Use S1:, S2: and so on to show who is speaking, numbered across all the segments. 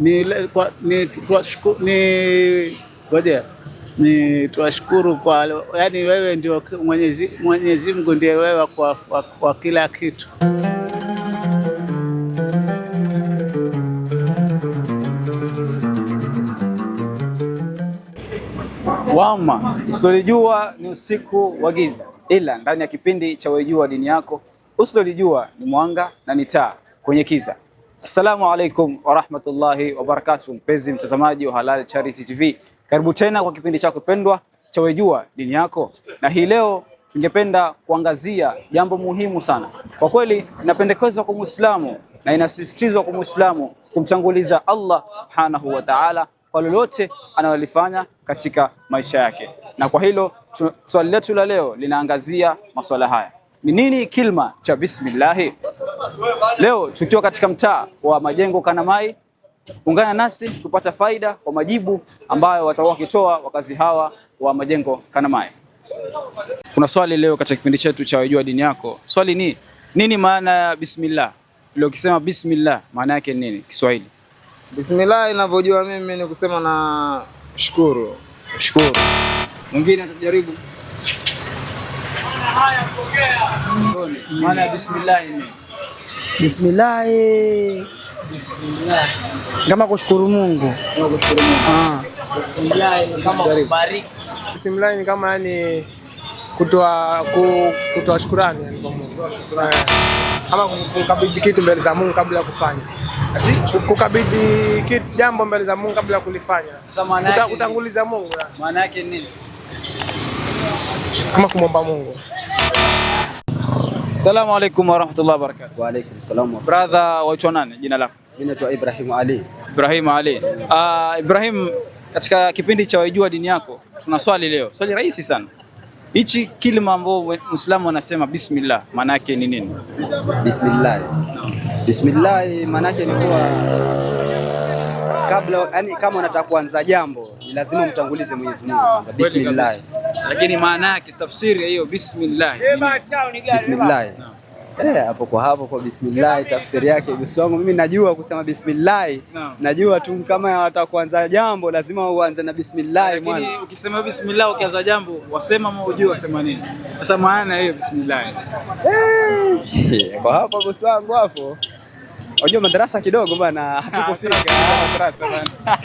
S1: ni, ni, ni, ngoja ni tuwashukuru kwa yani, wewe ndio Mwenyezi Mwenyezi Mungu ndiye wewe kwa, kwa, kwa kila kitu.
S2: Wama usilolijua ni usiku wa giza, ila ndani ya kipindi cha Wewe Jua Dini Yako, usilolijua ni mwanga na ni taa kwenye kiza Assalamu alaikum warahmatullahi wabarakatuh, mpenzi mtazamaji wa Halal Charity TV, karibu tena kwa kipindi chako pendwa cha Wejua Dini Yako, na hii leo tungependa kuangazia jambo muhimu sana kwa kweli. Inapendekezwa kwa Muislamu na inasisitizwa kwa Muislamu kumtanguliza Allah subhanahu wa ta'ala kwa lolote analolifanya katika maisha yake, na kwa hilo swali letu la leo linaangazia masuala haya. Ni nini kilma cha bismillahi? Leo tukiwa katika mtaa wa Majengo Kanamai, ungana nasi kupata faida kwa majibu ambayo watakuwa wakitoa wakazi hawa wa Majengo Kanamai. Kuna swali leo katika kipindi chetu cha Wajua Dini Yako. Swali ni nini maana ya bismillah? Leo ukisema bismillah maana yake ni nini Kiswahili?
S1: Bismillah inavyojua mimi ni kusema na shukuru.
S2: Shukuru. Mwingine atajaribu
S1: maana ya ni kama kushukuru Mungu, ah. Bismillah ni kama ni kama yani kutoa kutoa shukrani eh. kukabidhi kitu mbele za Mungu kabla ya kufanya kukabidhi kitu jambo mbele za Mungu kabla ya kulifanya, kutanguliza Mungu, maana yake nini? Kama kumwomba Mungu
S2: Salamu alaykum wa rahmatullahi wa barakatuh.
S3: Wa alaykum salam.
S2: Brother, waitwa nani jina lako?
S3: Mimi naitwa Ibrahim Ali.
S2: Ibrahim Ali. Ah, uh, Ibrahim, katika kipindi cha Waijua Dini Yako tuna swali leo, swali rahisi sana. Hichi kilima ambao Muislamu anasema bismillah, maana yake ni nini?
S3: Bismillah. Bismillah maana yake ni kuwa kabla, yani kama unataka kuanza jambo, ni lazima mtangulize Mwenyezi Mungu. Ah, bismillah
S2: lakini maana yake tafsiri ya hiyo bismillah,
S3: bismillah eh, hapo kwa hapo kwa bismillah tafsiri yake bosi wangu, mimi najua kusema bismillah no. Najua tu kama watakuanza kuanza jambo lazima uanze na bismillah
S2: mwana. Lakini ukisema bismillah ukianza jambo wasema ujue wasema nini? Sasa maana hiyo bismillah
S3: kwa hapo bosi wangu hapo. Unajua madarasa kidogo bana ah, hatukufika madarasa
S2: bana.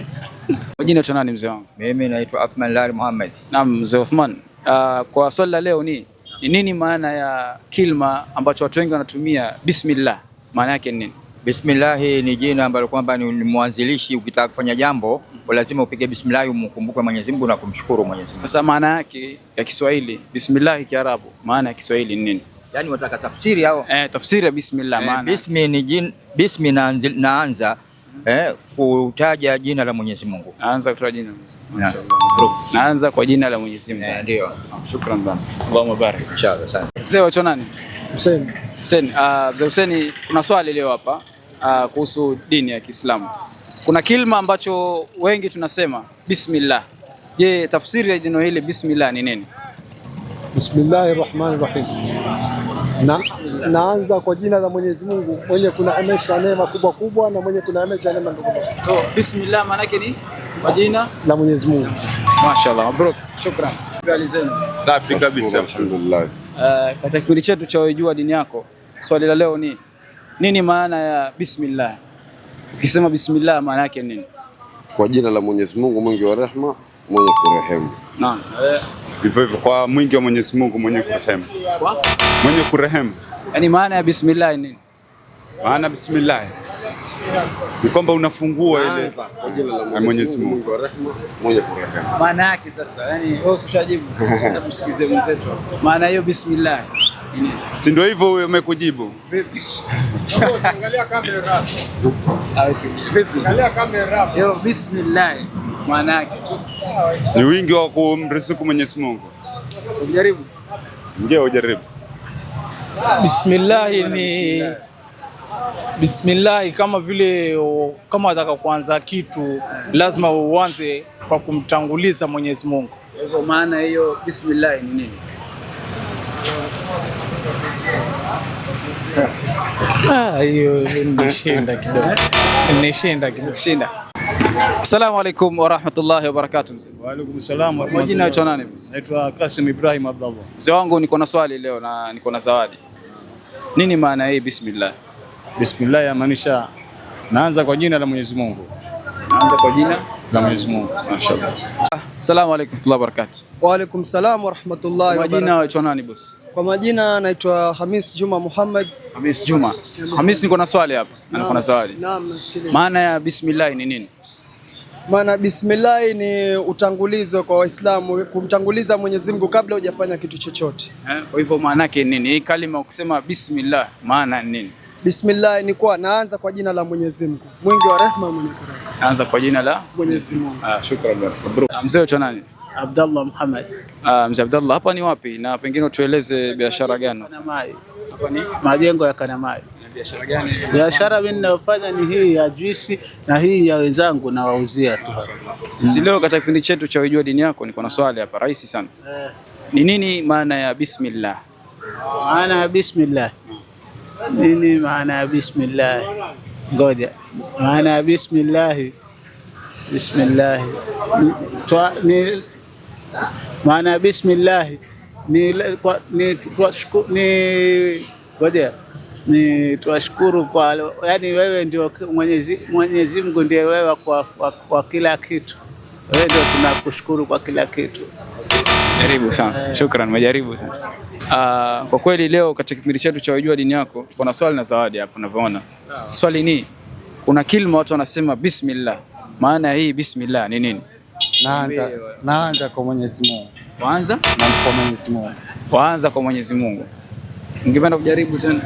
S2: Majina tu nani mzee wangu?
S4: Mimi naitwa Athman Lal Muhammad.
S2: Naam mzee Uthman. Uh, ah, kwa swali la leo ni ni nini maana ya kilma ambacho watu wengi wanatumia bismillah? Maana yake ni nini?
S4: Bismillah ni jina ambalo kwamba ni mwanzilishi. Ukitaka kufanya jambo lazima upige bismillah, umkumbuke Mwenyezi Mungu na kumshukuru Mwenyezi
S1: Mungu. Sasa maana yake ya Kiswahili bismillah, Kiarabu maana ya Kiswahili ni nini?
S2: Yaani wataka tafsiri au?
S1: Eh, tafsiri ya bismillah eh, maana.
S4: Bismi ni jina, bismi naanza eh, kutaja jina la Mwenyezi Mungu.
S1: Naanza kutoa jina la Mwenyezi Mungu. Naanza kwa jina la Mwenyezi Mungu. Eh, Ndio. Shukrani bana. Allahu mubarak.
S4: Inshallah sana.
S2: Mzee wacho nani? Hussein. Hussein, uh, Mzee Hussein kuna swali leo hapa uh, kuhusu dini ya Kiislamu. Kuna kilma ambacho wengi tunasema bismillah. Je, tafsiri ya jina hili bismillah ni nini?
S5: Bismillahir Rahmanir Rahim. Na, naanza kwa jina la Mwenyezi Mungu mwenye kunaamesha neema kubwa kubwa na mwenye kunaamesha neema ndogo ndogo.
S2: So bismillah maana yake ni kwa jina la Mwenyezi Mungu. Mashaallah, bro. Shukran.
S6: Safi kabisa. Alhamdulillah.
S2: Uh, katika kipindi chetu cha Wajua Dini Yako, swali la leo ni nini maana ya bismillah? Ukisema bismillah maana yake nini?
S6: Kwa jina la Mwenyezi Mungu mwingi wa rehema, mwenye kurehemu. Naam. Hivyo hivyo kwa mwingi wa Mwenyezi Mungu mwenye kurehemu. Kwa? Mwenye kurehemu.
S2: Yaani maana ya bismillah ni nini?
S1: Maana bismillah ni kwamba unafungua ile kwa
S6: jina la Mwenyezi Mungu wa rehema, mwenye kurehemu.
S2: Maana yake sasa, yani wewe ushajibu, tusikize mwenzetu. Maana hiyo bismillah.
S1: Si ndio hivyo huyo umekujibu. Vipi?
S7: Angalia kamera. Angalia kamera.
S2: Yo bismillah mwanake
S6: ni wingi wa kumrisiku Mwenyezi Mungu. Ujaribu ndio ujaribu.
S1: Bismillahi ni bismillahi, kama vile kama wataka kuanza kitu lazima uanze kwa kumtanguliza Mwenyezi Mungu.
S2: Kwa maana hiyo bismillahi ni nini?
S1: Ah, hiyo nishinda kidogo, nishinda kidogo, shinda
S2: Asalamu alaykum wa rahmatullahi wa barakatuh.
S8: Wa alaykum salam wa
S2: rahmatullahi. Majina yaitwa nani?
S9: Naitwa Kasim Ibrahim Abdallah.
S2: Mzee wangu niko na swali leo na niko na zawadi. Nini maana hii bismillah?
S9: Bismillah yamaanisha naanza kwa jina la Mwenyezi Mungu.
S2: Naanza kwa jina
S9: la Mwenyezi Mungu. Mashaallah.
S2: Asalamu alaykum wa barakatuh.
S10: Wa alaykum salam wa rahmatullahi wa
S2: barakatuh. Majina yaitwa nani boss?
S11: Kwa majina naitwa Hamis Juma Muhammad.
S2: Hamis Juma. Hamis, niko na swali hapa. Na niko na zawadi. Naam, nasikiliza. Maana ya bismillah ni nini?
S11: maana bismillah ni utangulizo kwa Waislamu, kumtanguliza Mwenyezi Mungu kabla hujafanya kitu chochote.
S2: Eh, kwa hivyo maana yake nini hii kalima ukisema bismillah, maana nini?
S11: Bismillah ni kwa naanza kwa jina la Mwenyezi Mungu mwingi wa rehma mwenye karama.
S2: Naanza kwa jina la Mwenyezi Mungu. Ah, shukrani bro. Mzee wa nani?
S12: Abdallah Muhammad.
S2: Ah, mzee Abdallah, hapa ni wapi na pengine utueleze biashara gani?
S13: Hapa ni majengo ya Kanamai biashara gani? Biashara mimi ninayofanya ni hii ya juisi na hii ya wenzangu nawauzia tu.
S2: Sisi leo katika kipindi chetu cha Ujua Dini Yako niko na swali hapa rahisi sana. Ni nini maana ya bismillah?
S1: Maana ya bismillah. Nini maana ya bismillah? Ngoja. Maana ya bismillah. Bismillah. ni maana ya bismillah ni kwa ni kwa ni ngoja ni tuwashukuru kwa yani, wewe ndio Mwenyezi, Mwenyezi Mungu ndiye wewe kwa, kwa, kwa kila kitu. Wewe ndio tunakushukuru kwa kila kitu.
S2: Jaribu sana eh. Shukran, majaribu sana uh, kwa kweli. Leo katika kipindi chetu cha Wajua Dini Yako tuko na swali na zawadi hapa unavyoona. Ah. Swali ni kuna kilma watu wanasema bismillah, maana ya hii bismillah ni nini?
S1: Naanza naanza kwa Mwenyezi Mungu, Kwanza? na kwa Mwenyezi Mungu,
S2: Kwanza kwa Mwenyezi Mungu Ningependa kujaribu tena.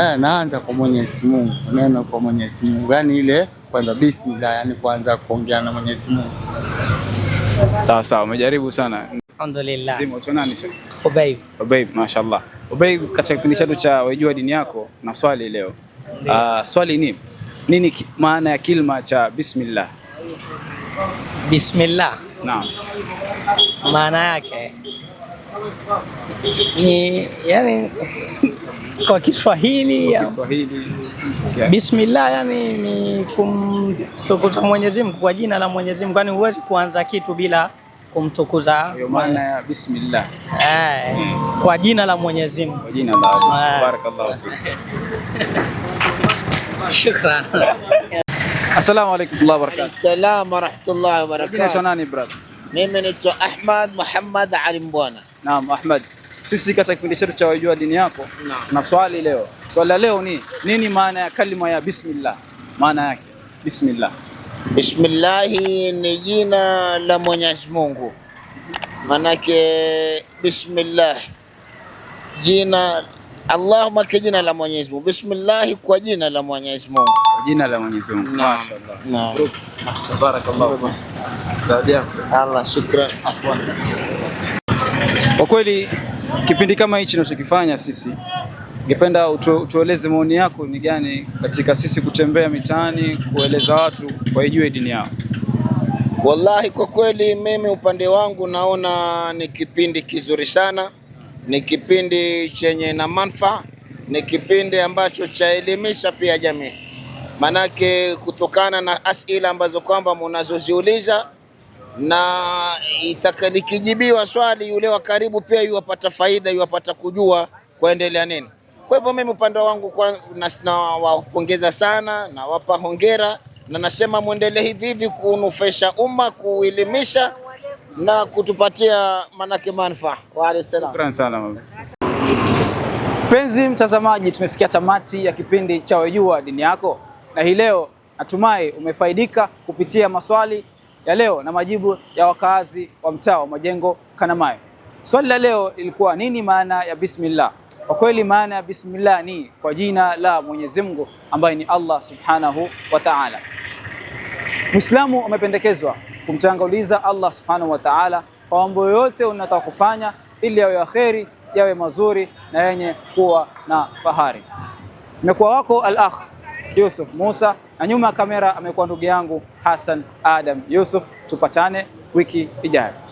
S1: Eh, naanza kwa Mwenyezi Mungu, neno kwa Mwenyezi Mungu, yaani ile kwanza bismillah, yani kuanza kuongea na Mwenyezi Mungu.
S2: Sawa sawa, umejaribu sana.
S14: Alhamdulillah. Ubaib.
S2: Ubaib, mashallah. Ubaib, katika kipindi chetu cha wajua Dini Yako na swali leo. Uh, swali ni nini maana ya kilma cha bismillah?
S14: Bismillah. Naam. Maana yake ni yani kwa Kiswahili, kwa Kiswahili yeah. bismillah yani ni kumtukuza Mwenyezi Mungu kwa jina la Mwenyezi Mungu, kwani huwezi kuanza kitu bila kumtukuza
S2: maana ya bismillah
S14: eh, kwa jina la Mwenyezi Mungu,
S2: kwa jina la Allah. Eh. Barakallahu fik. Shukran. Assalamu alaykum wa rahmatullahi wa barakatuh.
S15: Assalamu alaykum wa rahmatullahi wa barakatuh.
S2: nani brother?
S16: Mimi naitwa Ahmad Muhammad Ali Mbwana.
S2: Naam, Ahmad, sisi katika kipindi chetu cha Wajua Dini Yako na swali leo, swali la leo ni nini maana ya kalima ya bismillah? Maana yake bismillah,
S16: bismillahi ni jina la Mwenyezi Mungu, maanake bismillah jina Allahumma kwa jina la Mwenyezi Mungu. Bismillah kwa jina la Mwenyezi Mungu.
S2: Jina la Mwenyezi Mungu. Naam. Barakallahu.
S16: Allah, shukran.
S2: Kwa kweli kipindi kama hichi tunachokifanya sisi, ningependa utueleze maoni yako ni gani katika sisi kutembea mitaani kueleza watu waijue dini yao.
S17: Wallahi, kwa kweli mimi upande wangu naona ni kipindi kizuri sana, ni kipindi chenye na manufaa, ni kipindi ambacho chaelimisha pia jamii, manake kutokana na asila ambazo kwamba munazoziuliza na likijibiwa swali, yule wa karibu pia yuwapata faida, yuwapata kujua kuendelea nini. Kwa hivyo mimi upande wangu nawapongeza sana, nawapa hongera na nasema mwendelee hivi hivi kunufaisha umma, kuelimisha na kutupatia manake manufaa. Wa
S2: alayhi Mpenzi mtazamaji, tumefikia tamati ya kipindi cha Wejua Dini Yako, na hii leo natumai umefaidika kupitia maswali ya leo na majibu ya wakaazi wa mtaa wa Majengo Kanamayo. Swali la leo lilikuwa nini maana ya bismillah? Kwa kweli maana ya bismillah ni kwa jina la Mwenyezi Mungu ambaye ni Allah Subhanahu wa Ta'ala. Muislamu amependekezwa kumtanguliza Allah Subhanahu wa Ta'ala kwa mambo yote unataka kufanya ili yawe ya kheri, yawe mazuri na yenye kuwa na fahari. Mekuwa wako al-akh Yusuf Musa na nyuma ya kamera amekuwa ndugu yangu Hassan Adam Yusuf. Tupatane wiki ijayo.